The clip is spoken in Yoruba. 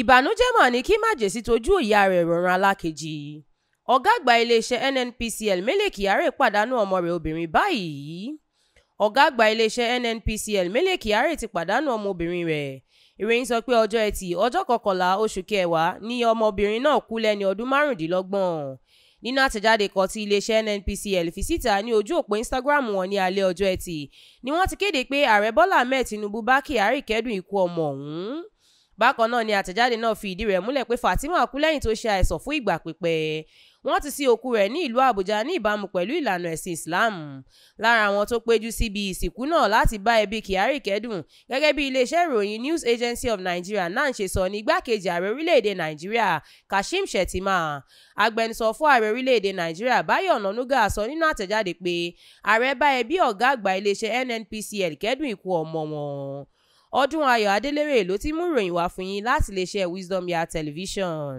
ìbànújẹ́ mà ní kí májèsí tójú ìyá rẹ̀ rọ̀rùn alákejì ọ̀gá àgbà iléeṣẹ́ nnpcl Mele Kyari pàdánù ọmọ rẹ̀ obìnrin báyìí ọ̀gá àgbà iléeṣẹ́ nnpcl Mele Kyari ti pàdánù ọmọbìnrin rẹ̀ ìròyìn sọ pé ọjọ́ ẹtì ọjọ́ kọkànlá oṣù kẹwàá ni ọmọbìnrin náà kú lẹ́ni ọdún márùndínlọ́gbọ̀n nínú àtẹ̀jáde kan tí iléeṣẹ́ nnpcl fi síta ní ojú òpó instagram wọn ní alẹ́ ọjọ́ ẹtì ni wọ́n ti kéde pé ààrẹ bọ́lá ahmed tinubu bá Kyari kẹ́dùn ikú ọmọ ọ̀hún bákan náà ni àtẹ̀jáde náà fi ìdí rẹ̀ múlẹ̀ pé Fatima kú lẹ́yìn tó ṣe àìsàn fún ìgbà pípẹ́ wọ́n ti sin òkú rẹ̀ ní ìlú Àbújá ní ìbámu pẹ̀lú ìlànà ẹ̀sìn Islam lára àwọn tó péjú síbi ìsìnkú náà láti bá ẹbí Kyari kẹ́dùn gẹ́gẹ́ bí iléeṣẹ́ ìròyìn News Agency of Nigeria náà ṣe sọ ní igbákejì ààrẹ orílẹ̀-èdè Nàìjíríà Kashim Shettima agbẹnusọ fún ààrẹ orílẹ̀-èdè Nigeria Báyọ̀ Ọ̀nànúgà sọ nínú àtẹ̀jáde pé ààrẹ bá ẹbí ọ̀gá àgbà iléeṣẹ́ NNPCL kẹ́dùn ikú ọmọ wọn ọdún ayọ̀ adélèrè ló ti mú ìròyìn wá fún yín láti iléeṣẹ́ wisdom yard television